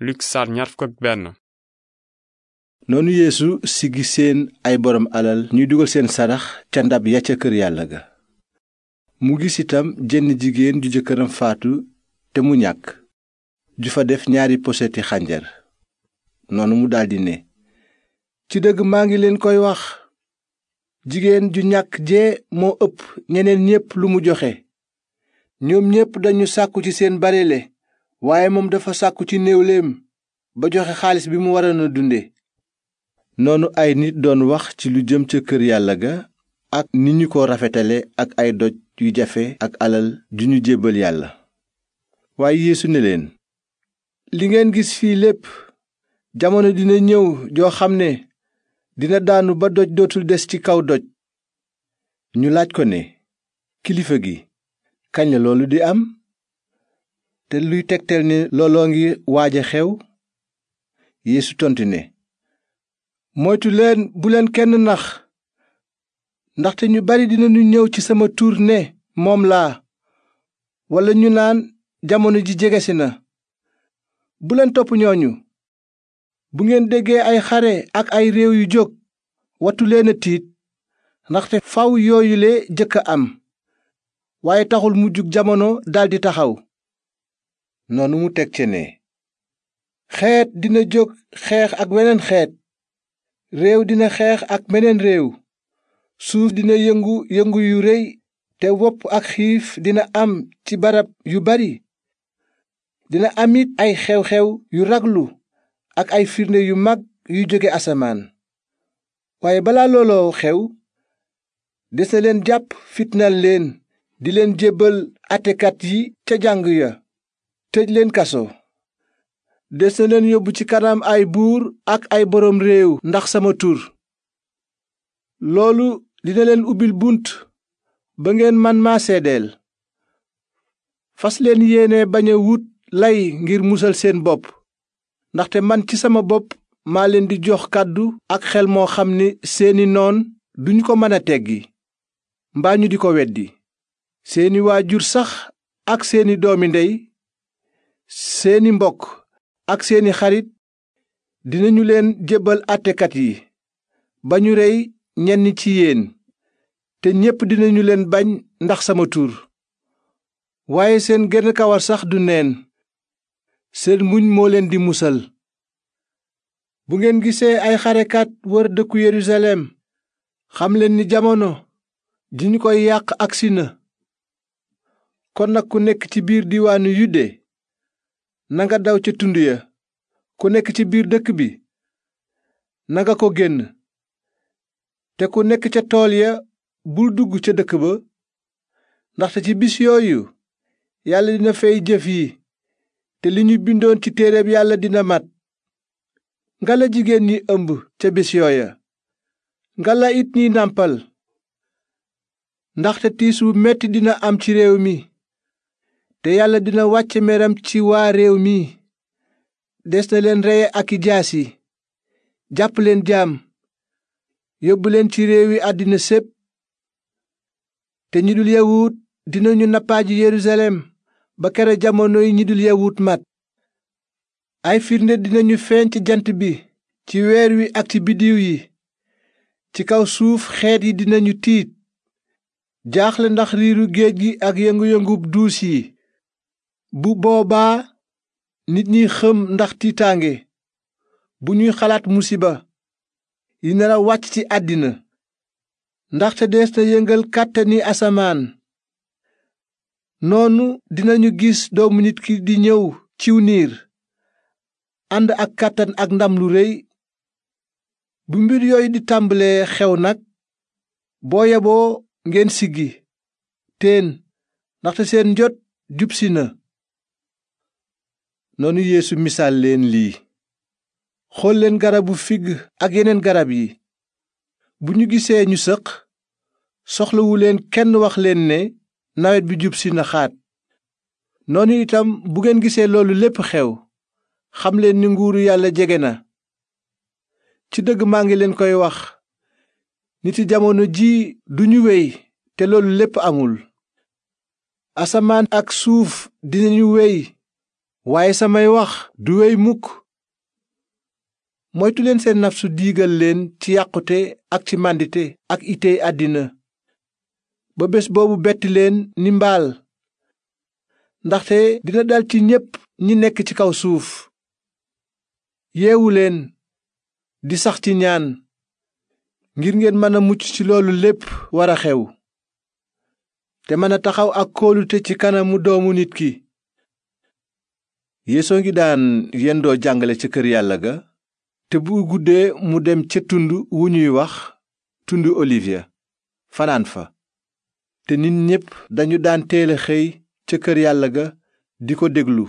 Luk saar ñaar fukk ak benn. noonu yeesu siggi seen ay boroom alal ñuy dugal seen sarax ca ndab ya ca kër yàlla ga mu gis itam jenn jigéen ju jëkkëram faatu te mu ñàkk ju fa def ñaari poseti xànjar noonu mu daldi ne ci dëgg maa ngi leen koy wax jigéen ju ñàkk jee moo ëpp ñeneen ñépp lu mu joxe ñoom ñépp dañu sàkku ci seen barele waaye moom dafa sàkku ci néewleem ba joxe xaalis bi mu waroon a dunde noonu ay nit doon wax ci lu jëm ca kër yàlla ga ak ni ñu ko rafetale ak ay doj yu jafe ak alal ju ñu jébbal yàlla waaye yeesu ne leen li ngeen gis fii lépp jamono dina ñëw joo xam ne dina daanu ba doj dootul des ci kaw doj ñu laaj ko ne kilifa gi kañ la loolu di am te luy tegtal ne looloo ngi waaj a xew yéesu tontu ne moytu leen kenn nax ndaxte ñu bari dinañu ñëw ci sama tur ne moom laa walla ñu naan jamono ji jegesi na bu leen topp ñooñu bu ngeen déggee ay xare ak ay réew yu jóg wattu leen tiit ndaxte faw yooyule jëkk a am waaye taxul mu jug jamono daldi taxaw noonu mu teg ca ne xeet dina jóg xeex ak weneen xeet réew dina xeex ak meneen réew suuf dina yëngu yëngu yu rëy te wopp ak xiif dina am ci barab yu bari dina amit ay xew-xew yu raglu ak ay firnde yu mag yu jóge asamaan waaye balaa looloo xew des na leen jàpp fitnal leen di leen jébbal atekat yi ca jàng ya tëj leen kaso des na leen yóbbu ci kanam ay buur ak ay boroom réew ndax sama tur loolu dina leen ubbil bunt ba ngeen man maa seedeel fas leen yéene bañ a wut lay ngir musal seen bopp ndaxte man ci sama bopp maa leen di jox kàddu ak xel moo xam ni seeni noon duñu ko mën a teggi mbaa ñu di ko weddi seeni waajur sax ak seeni doomi ndey seeni mbokk ak seeni xarit dinañu leen jébbal àttekat yi ba ñu rey ñenn ci yéen te ñépp dinañu leen bañ ndax sama tur waaye seen genn kawar sax du neen seen muñ moo leen di musal bu ngeen gisee ay xarekat wër dëkku Yerusalem xam leen ni jamono ji ñu koy yàq agsi na kon nag ku nekk ci biir diwaanu Yude nanga daw ca tund ya ku nekk ci biir dëkk bi nanga ko génn te ku nekk ca tool ya bul dugg ca dëkk ba ndaxte ci bis yooyu yàlla dina fay jëf yi te li ñu bindoon ci téere yàlla dina mat ngala jigéen ñi ëmb ca bis yooya ngala it ñiy nàmpal ndaxte tiis wu metti dina am ci réew mi te yàlla dina wàcce meram ci waa réew mi des na leen reye ak i jaas yi jàpp leen jaam yóbbu leen ci réew yi àddina sépp te ñi dul yawut dinañu nappaaji Yerusalem ba kere jamono yi ñi dul yawut mat ay firnde dinañu feeñ ci jant bi ci weer wi ak ci biddiw yi ci kaw suuf xeet yi dinañu tiit jaaxle ndax riiru géej gi ak yëngu-yëngub duus yi bu boobaa nit ñi xëm ndax tiitaange bu ñuy xalaat musiba yi nar a wàcc ci àddina ndaxte dees na yëngal kàttani asamaan noonu dinañu gis doomu nit ki di ñëw ciw niir ànd ak kàttan ak ndam lu réy bu mbir yooyu di tàmbalee xew nag boo yeboo ngeen siggi teen ndaxte seen njot jubsi na noonu yéesu misaal leen lii xool leen garabu figg ak yeneen garab yi bu ñu gisee ñu sëq soxlawu leen kenn wax leen ne nawet bi jub si na xaat noonu itam bu ngeen gisee loolu lépp xew xam leen ni nguuru yàlla jege na ci dëgg maa ngi leen koy wax nit yi jamono ji duñu wey te loolu lépp amul asamaan ak suuf dinañu wey waaye samay wax du wey mukk moytuleen leen seen nafsu diigal leen ci yàqute ak ci màndite ak itey àddina ba bés boobu betti leen ni mbaal ndaxte dina dal ci ñépp ñi nekk ci kaw suuf yeewu leen di sax ci ñaan ngir ngeen mën a mucc ci loolu lépp war a xew te mën a taxaw ak kóolute ci kanamu doomu nit ki yeesoo ngi daan yendoo jàngale ca kër yàlla ga te bu guddee mu dem ca tund wu ñuy wax tund olivier fanaan fa te nit ñépp dañu daan teel a xëy ca kër yàlla ga di ko déglu